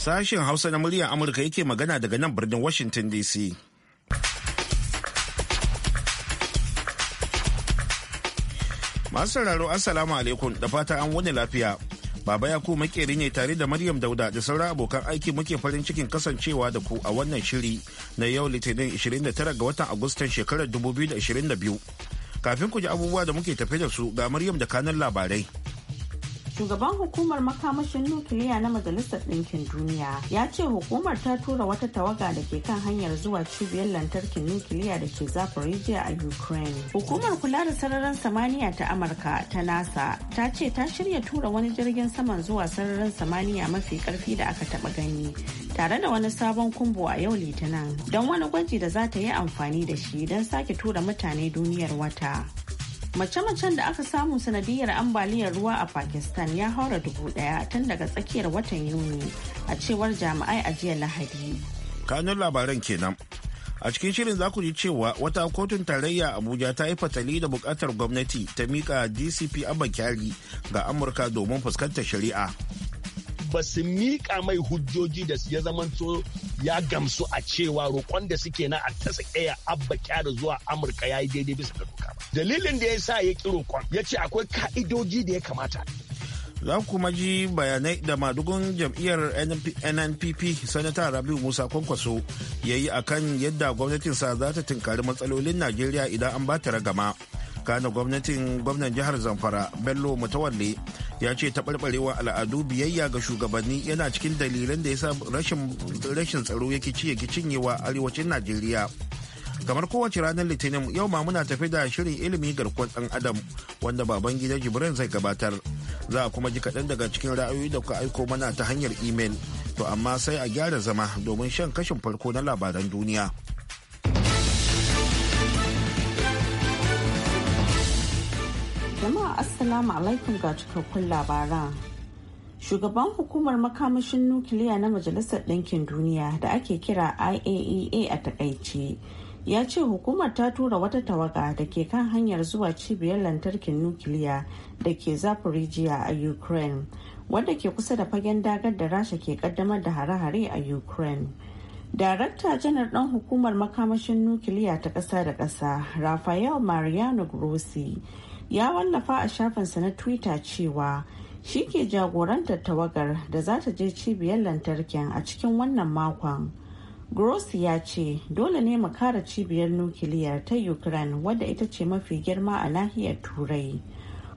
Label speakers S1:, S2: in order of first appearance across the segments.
S1: Sashen Hausa na muryar Amurka yake magana daga nan birnin Washington DC. Masu sauraro Assalamu alaikum da fata an wani lafiya. Baba Yakubu makeri ne tare da Maryam Dauda da sauran abokan aiki muke farin cikin kasancewa da ku a wannan shiri na yau Litinin 29 ga watan Agustan shekarar 2022. Kafin ku ji abubuwa da muke tafe da su ga Maryam da kanan labarai.
S2: shugaban hukumar makamashin nukiliya na majalisar ɗinkin duniya ya ce hukumar ta tura wata tawaga da ke kan hanyar zuwa cibiyar lantarkin nukiliya da ke zaporijiya a ukraine hukumar kula da sararin samaniya ta amurka ta nasa ta ce ta shirya tura wani jirgin saman zuwa sararin samaniya mafi karfi da aka taba gani tare da wani sabon kumbo a yau litinin don wani gwaji da za ta yi amfani da shi don sake tura mutane duniyar wata mace-macen da aka samu sanadiyar ambaliyar ruwa a pakistan ya haura dubu daya tun daga tsakiyar watan yuni a cewar jami'ai a jiya lahadi
S1: kanun labaran kenan a cikin shirin za ku ji cewa wata kotun tarayya abuja ta yi fatali da bukatar gwamnati ta mika dcp kyari ga amurka domin fuskantar shari'a
S3: ba su mika mai hujjoji da su ya zamanto ya gamsu a cewa roƙon da suke na a ta ƙaya abba kyara zuwa amurka ya yi daidai bisa da doka ba dalilin da ya sa ya ki roƙon ya ce akwai ka'idoji da ya kamata za kuma ji bayanai
S1: da madugun jam'iyyar nnpp sanata rabiu musa kwankwaso ya yi akan yadda gwamnatinsa za ta tunkari matsalolin najeriya idan an ba ta ragama kana gwamnatin gwamnan jihar zamfara bello mutawalle ya ce taɓarɓarewa al'adu biyayya ga shugabanni yana cikin dalilan da ya sa rashin tsaro yake ciye cinyewa arewacin najeriya kamar kowace ranar litinin yau ma muna tafi da shirin ilimi garkuwar ɗan adam wanda baban gida jibrin zai gabatar za a kuma ji kaɗan daga cikin ra'ayoyi da kuka aiko mana ta hanyar imel to amma sai a gyara zama domin shan kashin farko na labaran duniya.
S2: Jama'a Assalamu alaikum ga cikakkun labaran. Shugaban hukumar makamashin nukiliya na Majalisar Ɗinkin Duniya da ake kira IAEA e a takaice ya ce hukumar ta tura wata tawaga da ke kan hanyar zuwa cibiyar lantarkin nukiliya da ke Zaporijiya a Ukraine wadda ke kusa da fagen dagar da Rasha ke kaddamar da hare-hare a Ukraine. Darakta janar ɗan hukumar makamashin nukiliya ta ƙasa da ƙasa, Rafael Mariano Grossi, ya wallafa a shafinsa na Twitter cewa shi ke jagorantar tawagar da za ta je cibiyar lantarkin a cikin wannan makon. Grossi ya ce dole ne mu kare cibiyar nukiliyar ta Ukraine wadda ita ce mafi girma a nahiyar Turai.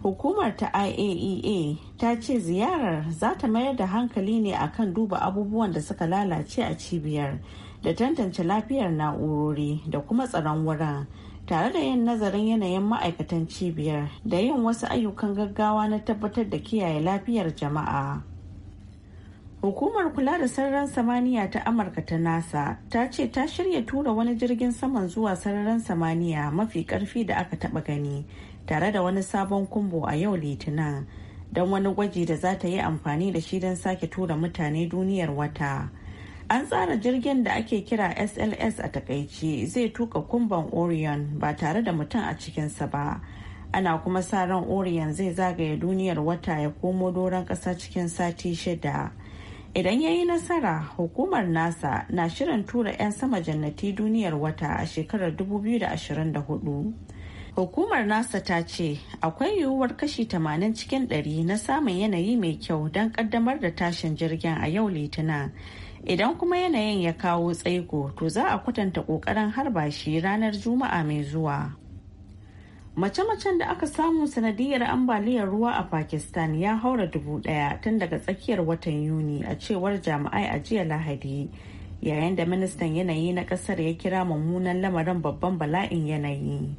S2: hukumar ta iaea e ta ce ziyarar za ta mayar da hankali ne a kan duba abubuwan da suka lalace a cibiyar da tantance lafiyar na'urori da kuma tsaron wurin tare da yin nazarin yanayin ma'aikatan cibiyar da yin wasu ayyukan gaggawa na tabbatar da kiyaye lafiyar jama'a hukumar kula da sararin samaniya ta amurka ta nasa ta ce ta shirya tura wani jirgin saman zuwa sararin samaniya mafi karfi da aka taba gani tare da wani sabon kumbo a yau litinin don wani gwaji da za ta yi amfani da shi don sake tura mutane duniyar wata an tsara jirgin da ake kira sls a takaici zai tuka kumban orion ba tare da mutum a cikinsa ba ana kuma sa ran orion zai zagaya duniyar wata ya komo doron ƙasa cikin sati shida idan ya yi nasara hukumar nasa na shirin tura 'yan sama jannati duniyar wata a shekarar 2024 Hukumar NASA ta ce akwai yiwuwar kashi 80 cikin 100 na samun yanayi mai kyau don kaddamar da tashin jirgin a yau litinin. Idan kuma yanayin ya kawo tsaiko to za a kwatanta kokarin harba shi ranar Juma'a mai zuwa. Mace-macen da aka samu sanadiyar ambaliyar ruwa a Pakistan ya haura dubu daya tun daga tsakiyar watan Yuni a cewar jami'ai a jiya Lahadi. Yayin da ministan yanayi na kasar ya kira mummunan lamarin babban bala'in yanayi.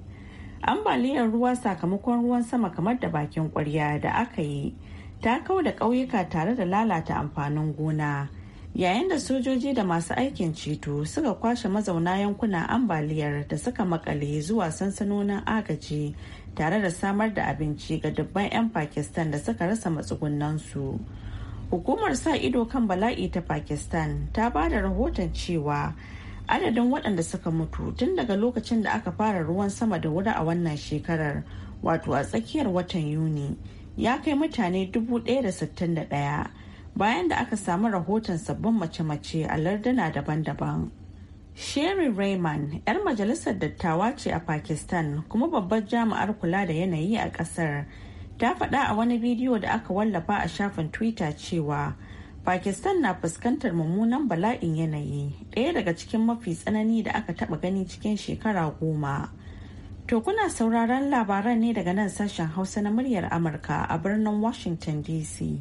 S2: ambaliyar ruwa sakamakon ruwan sama kamar da bakin kwarya da aka yi ta kau da ƙauyuka tare da lalata amfanin gona yayin da sojoji da masu aikin ceto suka kwashe mazauna yankunan ambaliyar da suka makale zuwa sansanonin agaji tare da samar da abinci ga dubban 'yan pakistan da suka rasa matsugunansu hukumar sa ido kan bala'i ta pakistan ta ba da rahoton cewa adadin waɗanda suka mutu tun daga lokacin da aka fara ruwan sama da wuri a wannan shekarar wato a tsakiyar watan yuni ya kai mutane 161 bayan da aka samu rahoton sabbin mace-mace a larduna daban-daban sherry rayman 'yar majalisar dattawa ce a pakistan kuma babbar jami'ar kula da yanayi a kasar ta faɗa a wani bidiyo da aka wallafa a shafin twitter cewa Pakistan na fuskantar mummunan bala'in yanayi ɗaya daga cikin mafi tsanani da aka taɓa gani cikin shekara goma. To kuna sauraron labaran ne daga nan sashen Hausa na muryar Amurka a birnin Washington DC.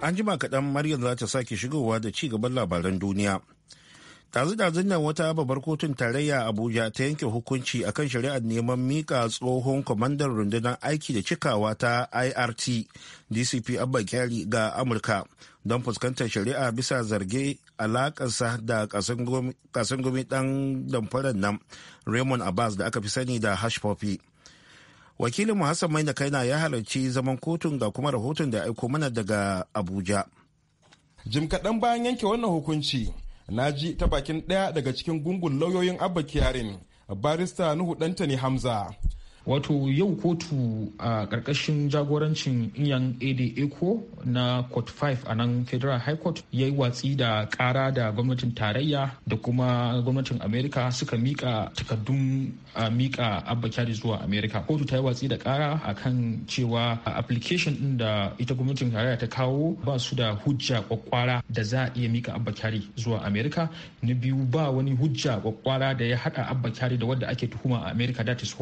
S1: An jima kaɗan Maryam za ta sake shigowa da ci gaban labaran duniya. dazu ɗazun nan wata babbar kotun tarayya abuja ta yanke hukunci akan shari'ar neman mika tsohon kwamandan rundunar aiki da cikawa ta irt dcp abba kyari ga amurka don fuskantar shari'a bisa zarge alakarsa da kasangumi dan damfarar nan raymond abbas da aka fi sani da hash poppy wakilin mu hassan mai kai na ya halarci zaman kotun ga kuma rahoton da ya aiko mana daga abuja jim kaɗan bayan yanke wannan hukunci na ji ta bakin ɗaya daga cikin gungun lauyoyin abba kiyarin barista nuhu ɗanta ne hamza wato yau kotu a karkashin jagorancin iyan ada eco na court 5 a nan federal high court ya yi watsi da kara da gwamnatin tarayya da kuma gwamnatin america suka mika takardun a mika abba kyari zuwa america kotu ta yi watsi da kara a kan cewa application din da ita gwamnatin tarayya ta kawo ba su da hujja kwakwara da za a iya mika abba kyari zuwa america na biyu ba wani hujja kwakwara da ya haɗa abba kyari da wadda ake tuhuma a america that is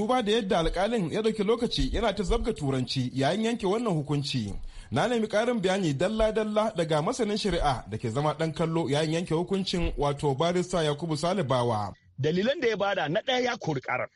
S1: duba da yadda alkalin ya dauki lokaci yana ta zabga turanci yayin yanke wannan hukunci na nemi karin bayani dalla-dalla daga masanin shari'a
S3: da ke zama dan kallo yayin yanke hukuncin wato barista yakubu salibawa dalilan da ya bada na ɗaya ya kori karar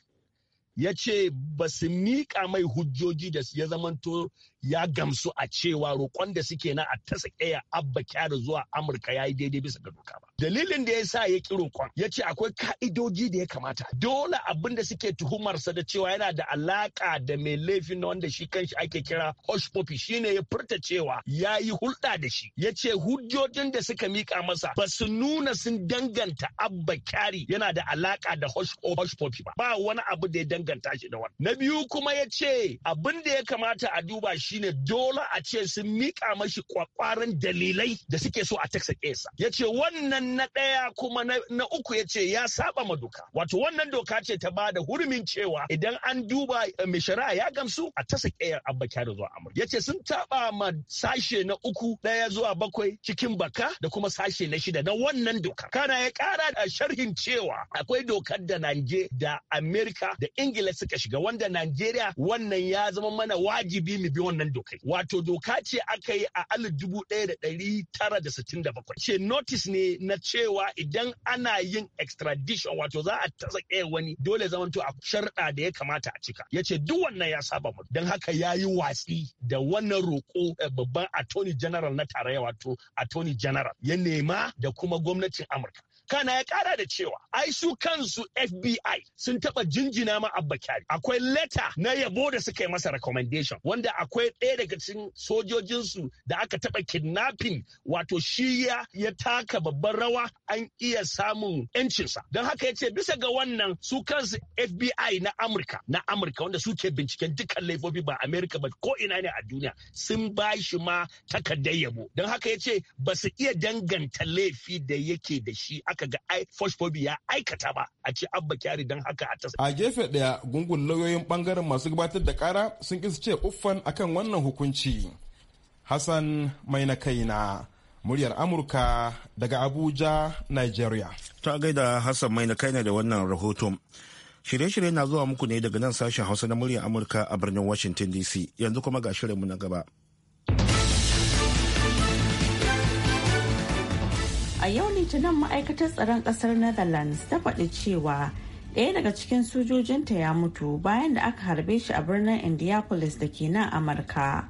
S3: ya ce ba su miƙa mai hujjoji da ya zamanto ya gamsu a cewa roƙon da suke na a tasa tsakiya abba kyara zuwa amurka ya yi daidai bisa ga doka ba dalilin da ya sa ya ƙi roƙon ya ce akwai ka'idoji da ya kamata dole abin da suke tuhumarsa da cewa yana da alaƙa da mai laifin na wanda shi kanshi ake kira hush poppy shine ya furta cewa ya yi hulɗa da shi ya ce hujjojin da suka mika masa ba su nuna sun danganta abba kyari yana da alaƙa da hush poppy ba ba wani abu da ya danganta shi da wani na biyu kuma ya ce abin da ya kamata a duba shi shine dole a ce sun mika mashi kwakwaran dalilai da suke so a taksa kesa ya ce wannan na ɗaya kuma na uku ya ce ya saba ma doka wato wannan doka ce ta bada hurumin cewa idan an duba eh, mai shari'a ya gamsu a tasa kayar abba kyara zuwa amur ya ce sun taɓa ma sashe na uku ɗaya zuwa bakwai cikin baka da kuma sashe na shida na wannan doka kana ya kara da sharhin cewa akwai dokar da Najeriya da Amerika da Ingila suka shiga wanda Najeriya wannan ya zama mana wajibi mu bi wannan wannan dokai wato doka ce aka yi a alif dubu ɗaya da ɗari tara da sittin da bakwai ce notice ne na cewa idan ana yin extradition wato za a tasa wani dole zamanto a sharɗa da ya kamata a cika ya ce duk wannan ya saba mu don haka ya yi watsi da wannan roƙo eh, babban attorney general na tarayya wato attorney general ya nema da kuma gwamnatin amurka kana ya kara da cewa ai su kansu FBI sun taba jinjina ma Abba Kyari akwai letter na yabo da suka yi masa recommendation wanda akwai ɗaya daga cikin sojojinsu da aka taba kidnapping wato shi ya taka babban rawa an iya samun yancinsa don haka yace bisa ga wannan su kansu FBI na Amurka na Amurka wanda suke binciken dukkan laifofi ba Amerika ba ko ina ne a duniya sun ba shi ma takardar yabo don haka yace ce ba su iya danganta laifi da yake da shi aka ga ai ya aikata ba a ce abba kyari don haka a tasa. a
S1: gefe ɗaya gungun lauyoyin bangaren masu gabatar da kara sun ƙi su ce uffan akan wannan hukunci hassan mai na kaina muryar amurka daga abuja nigeria ta gaida hassan mai na kaina da wannan rahoto shirye-shirye na zuwa muku ne daga nan sashen hausa na muryar amurka a birnin washington dc yanzu kuma ga shirinmu na gaba
S2: a yau litinin ma'aikatar tsaron kasar netherlands ta faɗi cewa ɗaya daga cikin sojojinta ya mutu bayan da aka harbe shi a birnin indiapolis da ke nan amurka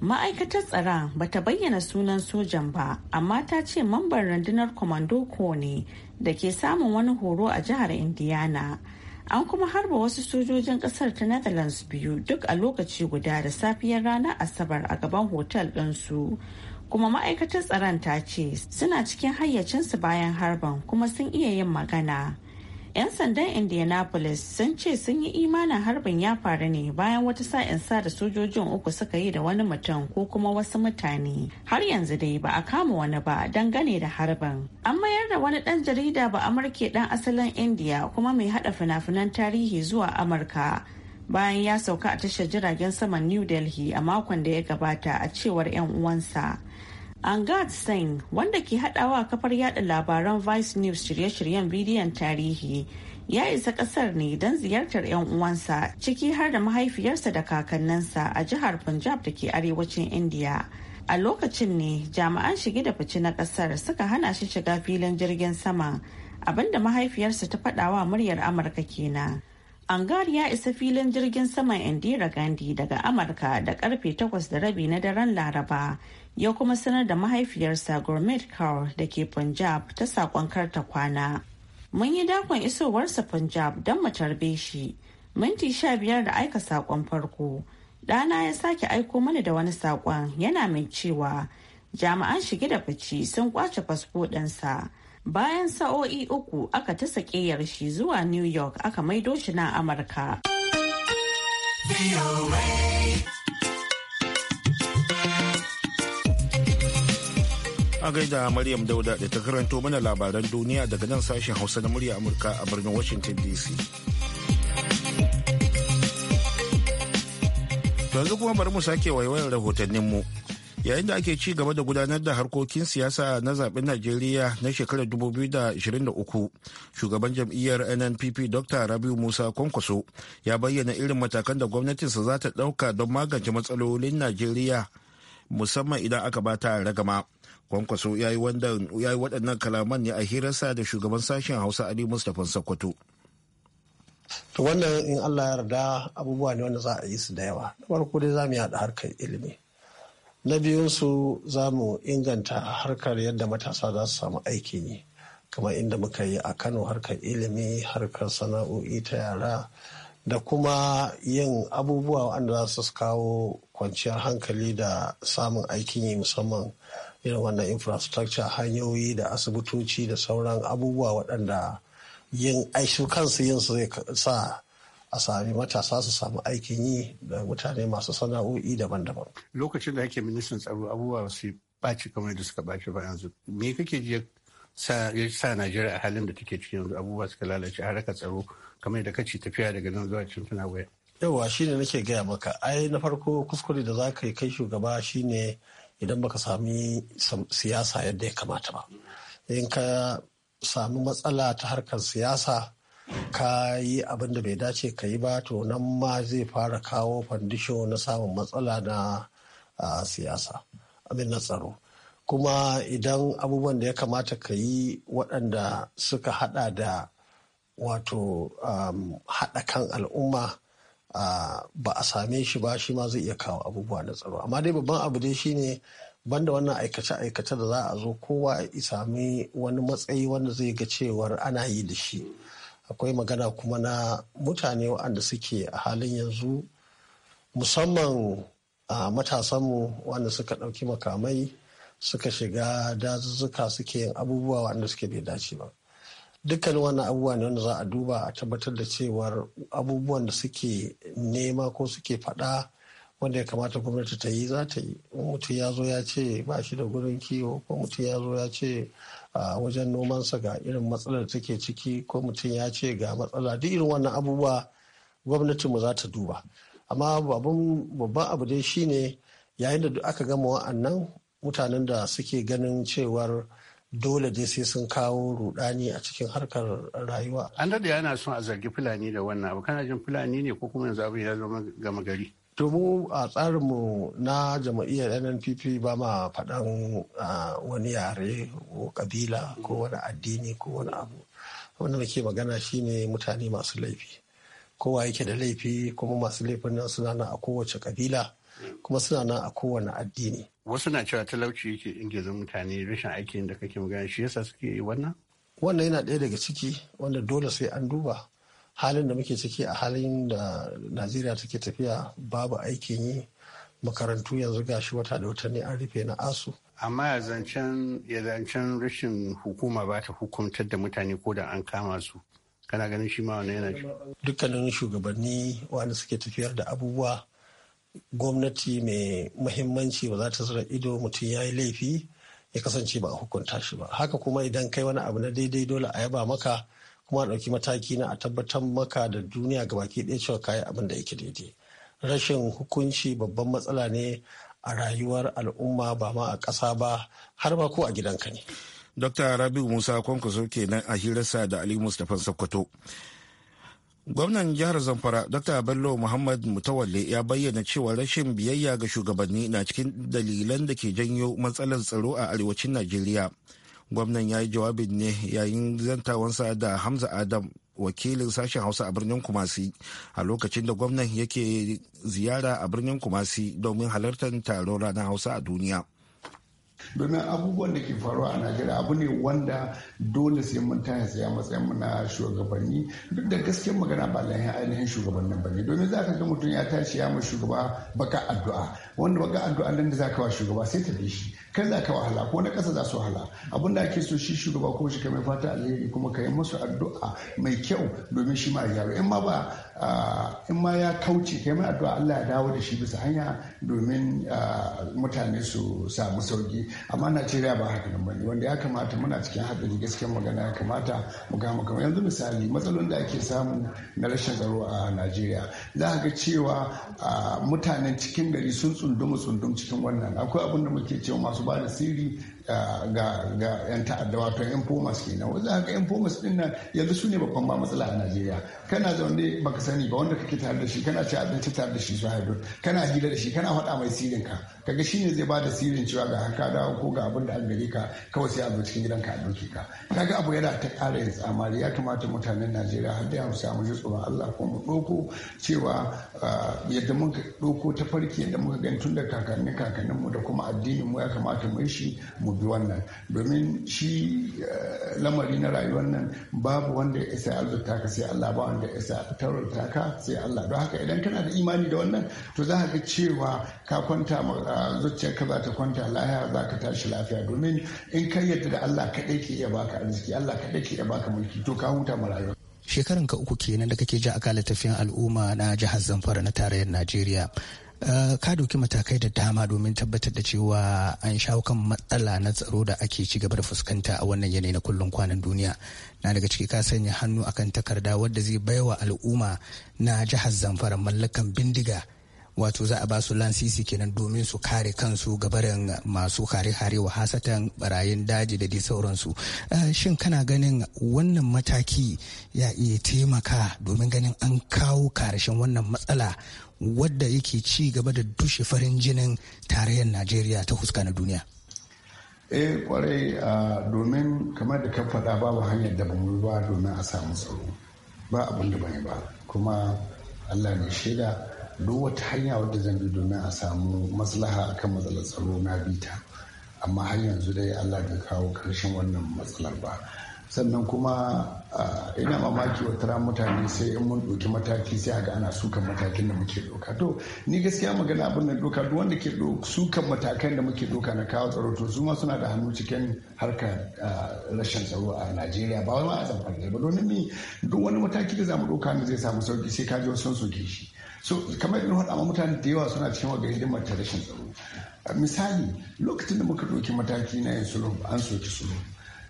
S2: ma'aikatar tsaron bata bayyana sunan sojan ba amma ta ce mamban rundunar commando ko ne da ke samun wani horo a jihar indiana an kuma harba wasu sojojin kasar ta netherlands biyu duk a lokaci guda da safiyar ranar asabar a gaban hotel ɗinsu kuma ma'aikatar tsaron ta ce suna cikin hayyacinsu bayan harban kuma sun iya yin magana 'yan sandan indianapolis sun ce sun yi imanin harbin ya faru ne bayan wata sa'in sa da sojojin uku suka yi da wani mutum ko kuma wasu mutane har yanzu dai ba a kama wani ba dangane da harbin an mayar da wani dan jarida ba amurke dan asalin india kuma mai hada fina-finan tarihi zuwa amurka bayan ya sauka a tashar jiragen saman new delhi a makon da ya gabata a cewar 'yan uwansa angad singh wanda ke hadawa kafar yada labaran vice news shirye-shiryen bidiyon tarihi ya isa kasar ne don ziyartar 'yan uwansa ciki har da mahaifiyarsa da kakanninsa a jihar punjab da ke arewacin india a lokacin ne jami'an shige da fice na kasar suka hana shi shiga filin jirgin sama abinda mahaifiyarsa ta faɗawa muryar amurka kenan Angar ya isa filin jirgin saman Indira Gandhi daga Amurka da karfe takwas da rabi na daren Laraba ya kuma sanar da mahaifiyarsa Gourmet Kaur da ke Punjab ta sakon karta kwana. Mun yi dakon isowarsa Punjab don mu tarbe shi. Minti sha biyar da aika sakon farko. Ɗana ya sake aiko mana da wani sakon yana mai cewa jami'an shige da fici sun kwace fasfo ɗinsa. bayan sa'o'i uku aka ta sake shi zuwa new york aka maido shi na amurka
S1: a gaida maryam dauda da ta karanto mana labaran duniya daga nan sashen hausa na murya amurka a birnin washington dc yanzu kuma bari mu sake waiwayar rahotanninmu yayin da ake ci gaba da gudanar da harkokin siyasa na zaben najeriya na shekarar 2023 shugaban jam'iyyar nnpp dr rabiu musa kwankwaso ya bayyana irin matakan da gwamnatinsa za ta ɗauka don magance matsalolin najeriya musamman idan aka ba ta ragama kwankwaso ya yi waɗannan kalaman ne a hirarsa da shugaban sashen hausa ali mustapha sokoto
S4: to wannan in allah ya yarda abubuwa ne wanda za a yi su da yawa na farko dai za mu yada harkar ilimi na biyunsu za mu inganta harkar yadda matasa za su samu aikin yi kamar inda muka yi a kano harkar ilimi harkar sana'o'i ta yara da kuma yin abubuwa wanda za su kawo kwanciyar hankali da samun aikin yi musamman irin wannan infrastructure hanyoyi da asibitoci da sauran abubuwa waɗanda yin aishu kansu yin su zai sa a sami matasa su samu aikin yi da mutane masu sana'o'i daban-daban. Lokacin da ake ministan tsaro abubuwa su baci kamar da suka baci ba yanzu. Me kake ji ya sa Najeriya a halin da take ciki yanzu abubuwa suka lalace harkar tsaro kamar da kace tafiya daga nan zuwa cikin tuna waya. yawa shine nake gaya maka ai na farko kuskure da za ka yi kai shugaba shine idan baka sami siyasa yadda ya kamata ba. In ka sami matsala ta harkar siyasa ka yi abin da bai dace ka yi ba to nan ma zai fara kawo fandisho na samun matsala na siyasa abin na tsaro kuma idan abubuwan da ya kamata ka yi waɗanda suka hada da wato haɗa kan al'umma ba a same shi ba shi ma zai iya kawo abubuwa na tsaro amma dai babban abu dai shine banda wannan aikace-aikace da za a zo kowa ya sami wani matsayi wanda zai ga cewar ana yi da shi akwai magana kuma na mutane waɗanda suke a halin yanzu musamman a matasanmu wanda suka ɗauki makamai suka shiga dazuzzuka suke yin abubuwa waɗanda suke bai dace ba dukkan wannan abubuwa ne wanda za a duba a tabbatar da cewar abubuwan da suke nema ko suke faɗa wanda ya kamata gwamnati ta yi za ta yi mutum ya zo ya ce ba shi da gurin kiwo ko mutum ya zo ya ce a wajen nomansa ga irin matsalar da take ciki ko mutum ya ce ga matsala duk irin wannan abubuwa gwamnatinmu za ta duba amma babban abu dai shine yayin da aka gama wa'annan mutanen da suke ganin cewar dole dai sai sun kawo rudani a cikin harkar rayuwa. An daɗe yana son a zargi Fulani da wannan abu kana jin Fulani ne ko kuma yanzu abin ya zama gama gari. to mu a tsarinmu na jam'iyyar nnpp ba ma faɗan wani yare ko ƙabila ko wani addini ko wani abu wanda muke magana shine mutane masu laifi kowa yake da laifi kuma masu laifin nan suna nan a kowace ƙabila kuma suna nan a kowane addini wasu na cewa talauci yake ingiza mutane rashin aikin da kake magana shi yasa suke wannan wannan yana ɗaya daga ciki wanda dole sai an duba halin da muke ciki a halin da najeriya take tafiya babu aikin yi makarantu yanzu gashi wata da wata ne an rufe na asu amma zancen rashin hukuma ba ta hukumtar da mutane ko da an kama su kana ganin shi ma wani yana dukkanin shugabanni wanda suke tafiyar da abubuwa gwamnati mai muhimmanci ba za ta zura ido mutum ya yi laifi ya kasance ba a hukunta shi ba haka kuma idan kai wani abu na daidai dole a yaba maka kuma a ɗauki mataki na a tabbatar maka da duniya ga baki ɗaya cewa kayi abin da yake daidai rashin hukunci babban matsala ne a rayuwar al'umma ba ma a ƙasa ba har ma ko a gidanka ne.
S1: Dr. Rabiu Musa Kwankwaso kenan a hirarsa da Ali Mustapha Sokoto. Gwamnan jihar Zamfara Dr. Bello Muhammad Mutawalle ya bayyana cewa rashin biyayya ga shugabanni na cikin dalilan da ke janyo matsalar tsaro a arewacin Najeriya. gwamnan ya yi jawabin ne yayin zantawansa da hamza adam wakilin sashen hausa a birnin kumasi a lokacin da gwamnan yake ziyara a birnin kumasi
S5: domin halartar taron ranar
S1: hausa a duniya
S5: domin abubuwan da ke faruwa a najeriya abu ne wanda dole sai mun taya tsaye matsayin mu na shugabanni duk da gaskiyar magana ba lahin ainihin shugabannin ba ne domin za ka ga mutum ya tashi ya shugaba baka addu'a wanda baka addu'a nan da za ka wa shugaba sai ta bi shi kai za ka wahala ko na ƙasa za su wahala abun da ake so shi shugaba ko shi ka mai fata alheri kuma ka yi musu addu'a mai kyau domin shi ma ya in ma ba Ah, in ma ya kauce kai mai addu'a Allah ya dawo da shi bisa hanya domin ah, mutane su samu sauki amma Najeriya ba haka nan bane wanda ya kamata muna cikin haɗari gaskiyar magana ya kamata mu ga mu yanzu misali matsalolin da ake samu na rashin tsaro a Najeriya za ga cewa ah, mutanen cikin gari sun tsunduma tsundum cikin wannan akwai abin da muke cewa masu ba da sirri ga ga yan ta'adda wato yan fomas kenan wanda haka yan fomas din nan yanzu su ne babban ba matsala a Najeriya kana zaune baka sani ba wanda kake tare da shi kana ci abinci tare da shi su haidu kana hira da shi kana faɗa mai sirrin ka kaga shine zai bada sirrin cewa ga haka dawo ko ga abin da an gare ka kawai sai abu cikin gidanka a ɗauke ka kaga abu yana ta ƙara yin tsamari ya kamata mutanen najeriya har da mu samu ji tsoron allah ko mu ɗauko cewa ah, yadda muka ɗauko ta farki yadda muka gani tun da kakannin kakannin mu da kuma addinin mu ya kamata mu yi shi mu bi wannan domin shi eh, lamari na rayuwar nan babu wanda ya isa ya arzuta ka sai allah ba wanda ya taurata ka sai Allah don haka idan kana da imani da wannan to za ka cewa ka kwanta zuciyarka za ta kwanta lahiya za ka tashi lafiya domin in ka yadda da Allah kaɗai ke iya baka arziki Allah kaɗai ke iya baka mulki to ka huta marayu.
S6: shekaran ka uku kenan da kake ja akala tafiyan al'umma na jihar zamfara na tarayyar najeriya Eh, ka doki matakai da dama domin tabbatar da cewa an shawo kan matsala na tsaro da ake ci gaba da fuskanta a wannan yanayi na kullum kwanan duniya na daga ciki ka sanya hannu akan takarda wadda zai baiwa al'umma na jihar zamfara mallakan bindiga wato za a ba su lansisi kenan domin su kare kansu gabarin masu kare hare wa hasatan barayin daji da dai sauransu ah, shin kana ganin wannan mataki ya iya taimaka domin ganin an kawo karshen wannan matsala wadda yake ci gaba da dushe farin jinin tarayyar najeriya ta huska na duniya
S5: e kwarai ah, domin kamar da ka faɗa babu hanyar da bamu ba domin a samu tsaro ba abin da bane ba kuma allah ne shaida duk wata hanya wadda zan bi domin a samu maslaha akan matsalar tsaro na bita amma har yanzu dai allah bai kawo karshen wannan matsalar ba sannan kuma Ah, ina mamaki wata mutane sai in mun ɗauki mataki sai a gana ana sukan matakin da muke ɗauka to ni gaskiya magana abin da ɗauka duk wanda ke sukan matakan da muke ɗauka na kawo tsaro to su ma suna da hannu cikin harkar ah, rashin tsaro a najeriya ba wani a zamfara ba domin ni duk wani mataki da zamu ɗauka ne zai samu sauki sai ka ji wasu sun soke shi so kamar irin faɗa mutane da yawa suna cikin waga hidimar ta rashin tsaro ah, misali lokacin da muka ɗauki mataki na yin sulhu an soki sulhu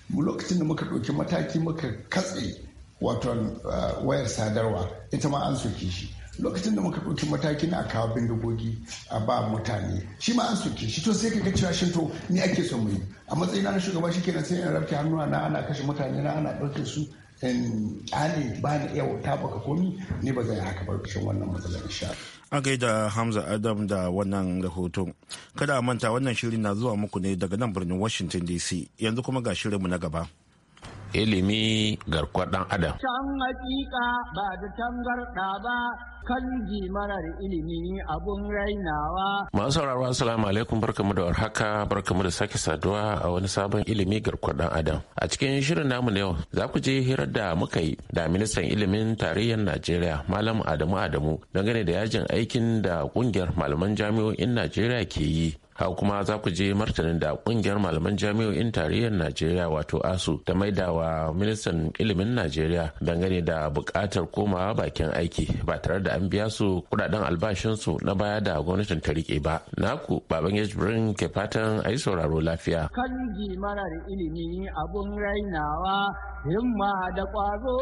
S5: mu lokacin da muka ɗauki mataki muka katse wato ah, wayar sadarwa ita ma an soke shi lokacin da muka ɗauki mataki na kawo bindigogi a ba mutane shi ma an soke shi to sai kaga cewa shin to ni ake son mu yi a matsayin na shugaba shi kenan sai in rafke hannuna na ana kashe mutane na ana ɗauke su in ƙale ba ni iya baka komi ni ba zai haka ba wannan matsalar shafi
S1: a gaida hamza adam da wannan rahoton kada a manta wannan shirin na zuwa muku ne daga nan birnin washington dc yanzu kuma ga
S7: shirinmu na gaba ilimi garkuwar dan adam.
S3: Can hakika ba
S5: da tangarɗa ba kan marar ilimi abun rainawa.
S7: Masu sauraro assalamu alaikum barkamu da warhaka barkamu da sake saduwa a wani sabon ilimi garkuwar dan adam. A cikin shirin namu na yau za ku je hirar da muka yi da ministan ilimin tarayyar Najeriya Malam Adamu Adamu dangane da yajin aikin da kungiyar malaman jami'o'in Najeriya ke yi haka kuma za ku je martanin da kungiyar malaman jami'o'in tarayyar najeriya wato asu ta maida wa ministan ilimin najeriya dangane da bukatar komawa bakin aiki ba tare da an biya su kudaden albashinsu na baya da gwamnatin ta rike ba naku baban jibrin ke fatan a yi sauraro lafiya
S5: kan marar ilimi abun rainawa himma da ƙwazo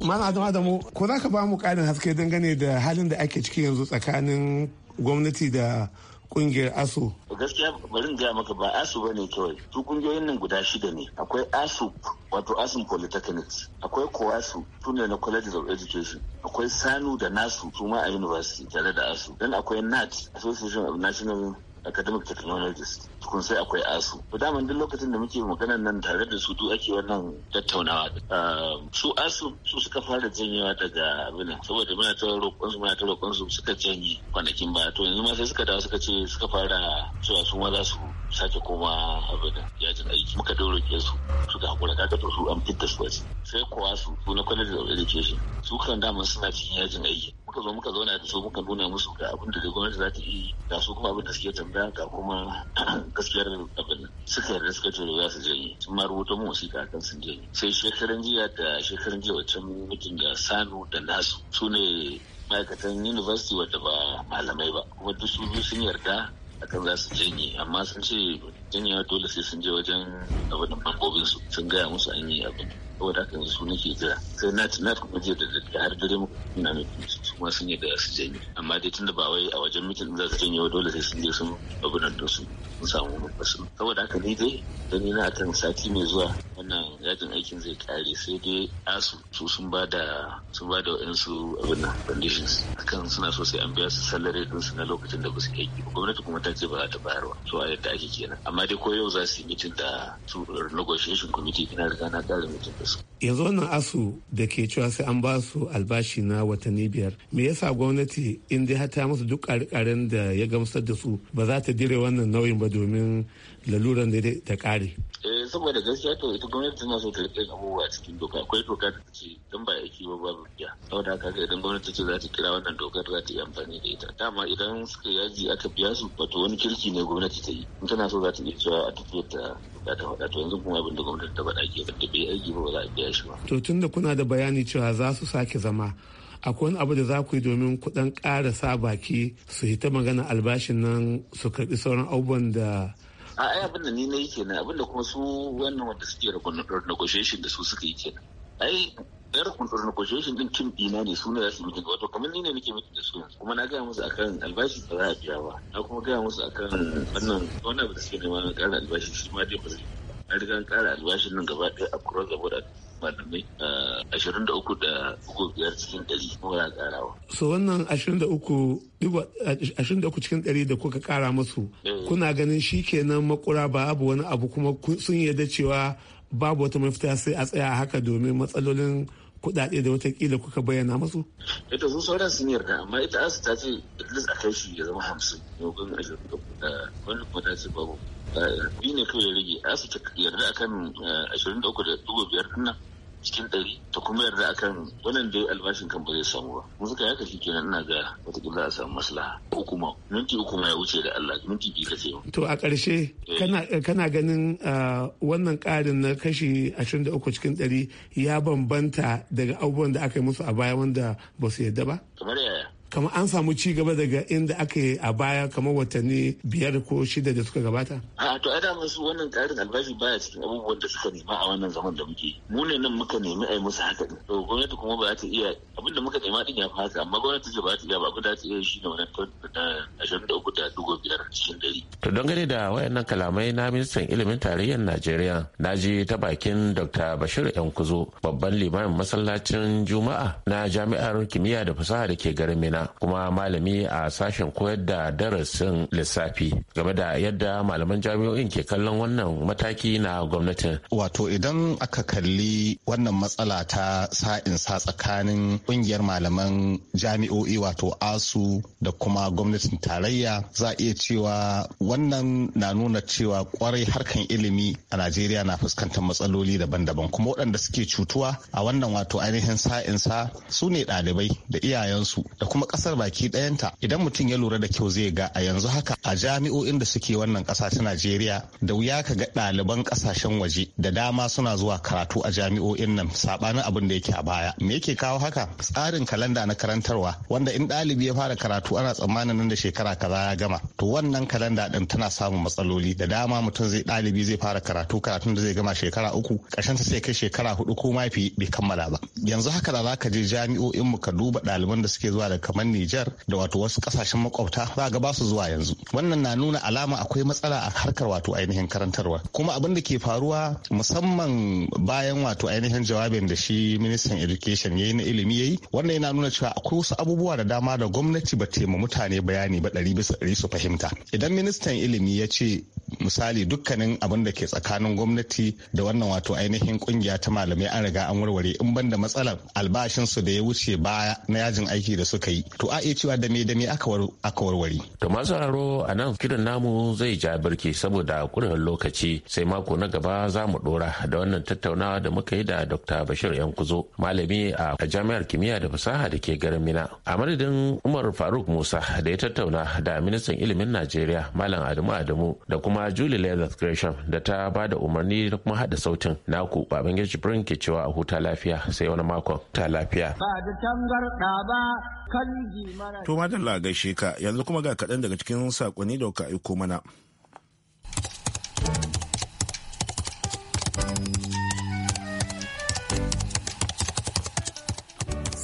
S8: mana adamu ko za ka ba mu ƙarin haske dangane da halin da ake ciki yanzu tsakanin gwamnati da kungiyar asu
S9: gaskiya bari in gaya maka ba asu ba ne kawai su kungiyoyin nan guda shida ne akwai asu wato ASUM polytechnics akwai kowasu tun na colleges of education akwai sanu da nasu su ma a university tare da asu dan akwai nat association of national academic technologists tukun sai akwai asu to dama duk lokacin da muke magana nan tare da su duk ake wannan tattaunawa um, su asu su suka fara janyewa daga abin saboda muna ta roƙon su muna ta roƙon su suka janye kwanakin ba to yanzu ma sai suka dawo suka ce suka fara cewa su ma za su sake koma abinan yajin aiki muka doroke su suka hakura kaga to su an fitta su wasu sai kuwa su su na college of education su kan daman suna cikin yajin aiki muka zo muka zauna da su muka nuna musu ga abin da gwamnati za ta yi ga su kuma abin da suke tambaya ga kuma gaskiyar abin suka yarda suka ce za su je ne sun ma rubuta mu wasiƙa kan sun je sai shekaran jiya da shekaran jiya wancan mutum da sanu da nasu su ne ma'aikatan university wadda ba malamai ba kuma duk su biyu sun yarda akan za su janye amma sun ce janyewa dole sai sun je wajen abin mambobin su sun gaya musu an yi abin saboda haka yanzu su nake jira sai na na kuma je da da har dare muka na mai su kuma sun yi da su janye amma dai tunda ba wai a wajen mitin za su janye dole sai sun je sun abin da su sun samu mafasu saboda haka ni dai gani na akan sati mai zuwa wannan yajin aikin zai kare sai dai asu su sun ba da sun ba da wa'ansu abin nan conditions akan suna so sai an biya su salari ɗinsu na lokacin da ba su aiki gwamnati kuma ta ce ba za ta bayarwa so a yadda ake kenan amma amma dai ko yau za su yi mitin da su negotiation committee ina riga na kare mitin da su
S8: yanzu wannan asu da ke cewa sai an ba su albashi na watanni biyar me yasa gwamnati in dai ta musu duk ƙare da ya gamsar da su ba za ta dire wannan nauyin ba domin laluran da ta kare
S9: eh saboda gaskiya to ita gwamnati tana so ta rike abubuwa cikin doka akwai doka da ce dan ba aiki ba babu biya saboda haka idan gwamnati ce za ta kira wannan dokar za ta yi amfani da ita dama idan suka yaji aka biya su wato wani kirki ne gwamnati ta yi in tana so za ta iya cewa a tafiyar ta bukata faɗa to yanzu kuma abin da gwamnati ta faɗa ke da bai aiki ba ba za a biya da shi ba.
S8: To tun da kuna da bayani cewa za su sake zama akwai wani abu da za ku yi domin kuɗan ƙara sa baki su hita magana albashin nan su karɓi sauran abubuwan da
S9: a ai abin da ni na yi kenan abin da kuma su wannan wanda suke da kundin negotiation da su suka yi kenan ai yar kundin negotiation din tim ina ne su ne za su mutum wato kamar ni ne nake mutum da su kuma na gaya musu akan albashi ba za a biya ba na kuma gaya musu akan wannan
S10: wannan abu da suke neman na ƙara albashi shi ma dai ba zai an riga an ƙara albashin nan gaba ɗaya a kurar gaba da malamai eh, ashirin da uku da
S9: uku biyar cikin ɗari muna ƙarawa.
S8: so wannan ashirin da uku ashirin da uku cikin ɗari da kuka ƙara masu eh. kuna ganin shi kenan makura ba abu wani abu kuma sun yarda cewa babu wata mafita sai a tsaya haka domin matsalolin kuɗaɗe da watakila kuka bayyana musu.
S9: ita eh, sun sauran sun yarda amma ita asu ta ce idan a kai shi ya zama hamsin yawon ajiyar da kuɗa wani kuma ta ce babu biyu ne kawai rage asu ta yarda akan ashirin da uku da dubu biyar nan cikin ɗari ta kuma yarda akan wannan da albashin kan ba zai samu ba mun suka yaka shi kenan ina ga wataƙila
S8: a samu maslaha uku ma minti uku ma ya wuce da Allah minti biyu ka ce to a ƙarshe eh. Eh, kana ganin ah, wannan ƙarin na kashi 23 cikin ɗari ya bambanta daga abubuwan da aka yi musu a baya wanda ba su yarda ba kamar yaya kamar an samu ci gaba daga inda aka yi a baya kamar watanni biyar ko shida da suka gabata?
S9: A to ada masu wannan tsarin albashi baya cikin abubuwan da suka nema a wannan zaman da muke. Mu ne nan muka nemi a yi musu haka din. To gwamnati kuma ba za ta iya abinda muka nema din ya fi haka amma gwamnati ce ba za ta iya ba ko da ta iya shi ne wannan ashirin da uku da dubu biyar cikin dari.
S7: To don gane da wayannan kalamai na ministan ilimin tarayyar Najeriya na ji ta bakin Dr. Bashir Yankuzo babban limamin masallacin Juma'a na jami'ar kimiyya da fasaha da ke garin Mina kuma malami a sashen koyar da darasin lissafi game da yadda malaman jami'o'in ke kallon wannan mataki na gwamnatin.
S6: Wato idan aka kalli wannan matsala ta sa'in sa tsakanin kungiyar malaman jami'o'i wato asu da kuma gwamnatin tarayya za a iya cewa wannan na nuna cewa kwarai harkan ilimi a Najeriya na fuskantar matsaloli daban-daban kuma waɗanda suke cutuwa a wannan wato ainihin sa'insa su ne ɗalibai da iyayensu da kuma kasar baki dayanta idan mutum ya lura da kyau zai ga a yanzu haka a jami'o'in da suke wannan kasa ta najeriya da wuya ka ga ɗaliban kasashen waje da dama suna zuwa karatu a jami'o'in nan sabanin abin da yake a baya me yake kawo haka tsarin kalanda na karantarwa wanda in ɗalibi ya fara karatu ana tsammanin nan da shekara kaza ya gama to wannan kalanda din tana samun matsaloli da dama mutum zai ɗalibi zai fara karatu karatun da zai gama shekara uku ta sai kai shekara hudu ko mafi bai kammala ba yanzu haka da za ka je jami'o'in mu ka duba ɗaliban da suke zuwa daga kamar Nijar da wato wasu kasashen makwabta za ga ba su zuwa yanzu wannan na nuna alama akwai matsala a harkar wato ainihin karantarwa kuma abin da ke faruwa musamman bayan wato ainihin jawabin da shi ministan education yayi na ilimi yayi wannan yana nuna cewa akwai wasu abubuwa da dama da gwamnati ba ta mutane bayani ba ɗari bisa ɗari su fahimta idan ministan ilimi ya ce misali dukkanin abin da ke tsakanin gwamnati da wannan wato ainihin kungiya ta malamai an riga an warware in banda matsalar albashinsu da ya wuce baya na yajin aiki da suka yi to a iya cewa da me da me aka warware.
S7: to masu sauraro a nan kiran namu zai ja birki saboda kurin lokaci sai mako na gaba za mu dora da wannan tattaunawa da muka yi da dr bashir yankuzo malami a jami'ar kimiyya da fasaha da ke garin mina a madadin umar faruk musa da ya tattauna da ministan ilimin najeriya malam adamu adamu da kuma kuma Julie Leather Gresham da ta ba da umarni da kuma hada sautin naku Babangida Jibrin ke cewa a huta lafiya sai wani mako ta lafiya.
S1: Ba da tangarɗa To
S7: madalla gaishe ka yanzu kuma ga kaɗan
S1: daga cikin saƙonni da ka aiko mana.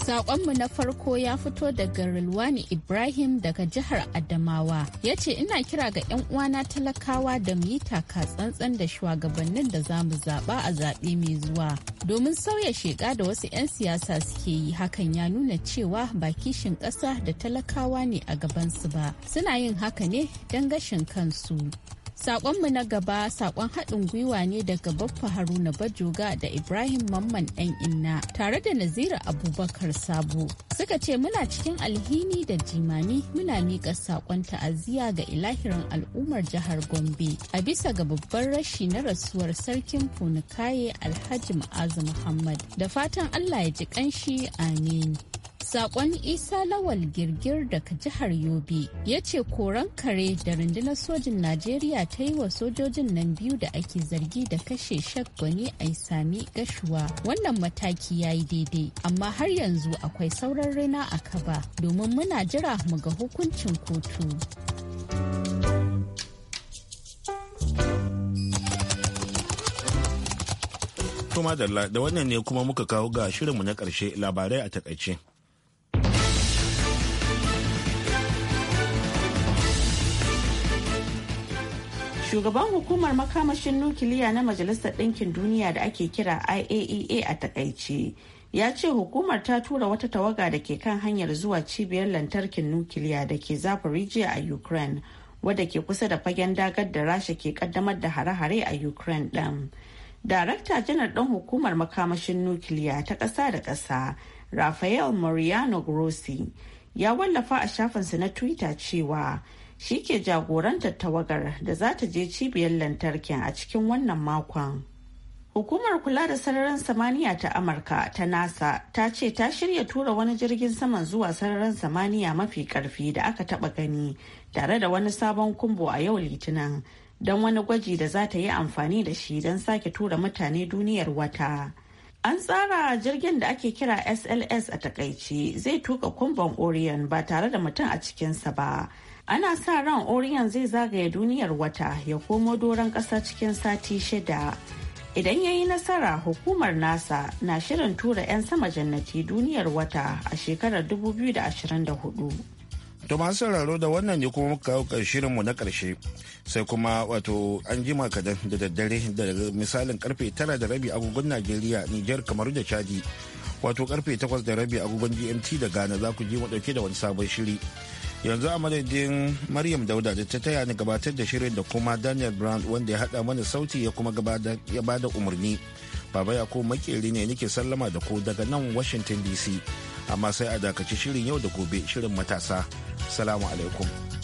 S10: Sakonmu na farko ya fito daga Rilwani Ibrahim daga jihar Adamawa. Ya ce ina kira ga 'yan uwana talakawa da mu yi taka tsantsan da shugabannin da za mu zaɓa a zaɓe mai zuwa. Domin sauya sheƙa da wasu 'yan siyasa suke yi hakan ya nuna cewa ba kishin ƙasa da talakawa ne a gabansu ba. Suna yin haka ne don gashin kansu. Sakonmu na gaba sakon haɗin gwiwa ne daga Baffa Haruna Bajoga da Ibrahim Mamman ɗan Inna tare da Nazira Abubakar Sabo. Suka ce muna cikin alhini da jimami muna miƙa sakon ta'aziyya ga ilahirin al'ummar jihar Gombe a bisa ga babban rashi na rasuwar sarkin Funikaye Alhaji Ma'azu Muhammad. Da fatan Allah ya ji ƙanshi amin. Sakon Isa Lawal Girgir daga jihar Yobe ya ce koran kare da rundunar sojin Najeriya ta yi wa sojojin nan biyu da ake zargi da kashe shaggoni a sami gashuwa. Wannan mataki ya yi daidai, amma har yanzu akwai sauran rina a kaba domin muna jira mu ga hukuncin kotu.
S1: da wannan ne kuma muka kawo ga shirinmu na ƙarshe labarai a taƙaice.
S2: Shugaban hukumar makamashin nukiliya na Majalisar Ɗinkin Duniya da ake kira IAEA e a takaice ya ce hukumar ta tura wata tawaga da ke kan hanyar zuwa cibiyar lantarkin nukiliya da ke zafarijiya a Ukraine wadda ke kusa da fagen dagar da Rasha ke kaddamar da hare-hare a Ukraine ɗin. Darakta janar ɗin hukumar makamashin nukiliya ta ƙasa da ƙasa, Rafael Mariano Grossi, ya wallafa a shafinsa na Twitter cewa shi ke jagorantar tawagar da za ta je cibiyar lantarkin a cikin wannan makon. Hukumar kula da sararin samaniya ta Amurka ta NASA ta ce ta shirya tura wani jirgin saman zuwa sararin samaniya mafi karfi da aka taba gani tare da wani sabon kumbo a yau litinin don wani gwaji da za ta yi amfani da shi don sake tura mutane duniyar wata. An tsara jirgin da ake kira SLS a takaici zai tuka kumban Orion ba tare da mutum a cikinsa ba. ana sa ran oriyan zai zagaya duniyar wata ya komo doron ƙasa cikin sati shida idan ya yi nasara hukumar nasa na shirin tura 'yan sama jannati duniyar wata a shekarar 2024
S1: To masu sauraro da wannan ne kuma muka kawo shirinmu na karshe sai kuma wato an jima kadan da daddare da misalin karfe tara da rabi agogon Najeriya, Nijar, Kamaru da Chadi. Wato karfe takwas da rabi agogon GMT da Ghana za ku ji mu dauke da wani sabon shiri. yanzu a madadin maryam dauda da ta taya ni gabatar da shirin da kuma daniel brand wanda ya hada mana sauti ya kuma ya bada umarni baba ya ko makeri ne nake sallama da ku daga nan washington dc amma sai a dakaci shirin yau da gobe shirin matasa salamu alaikum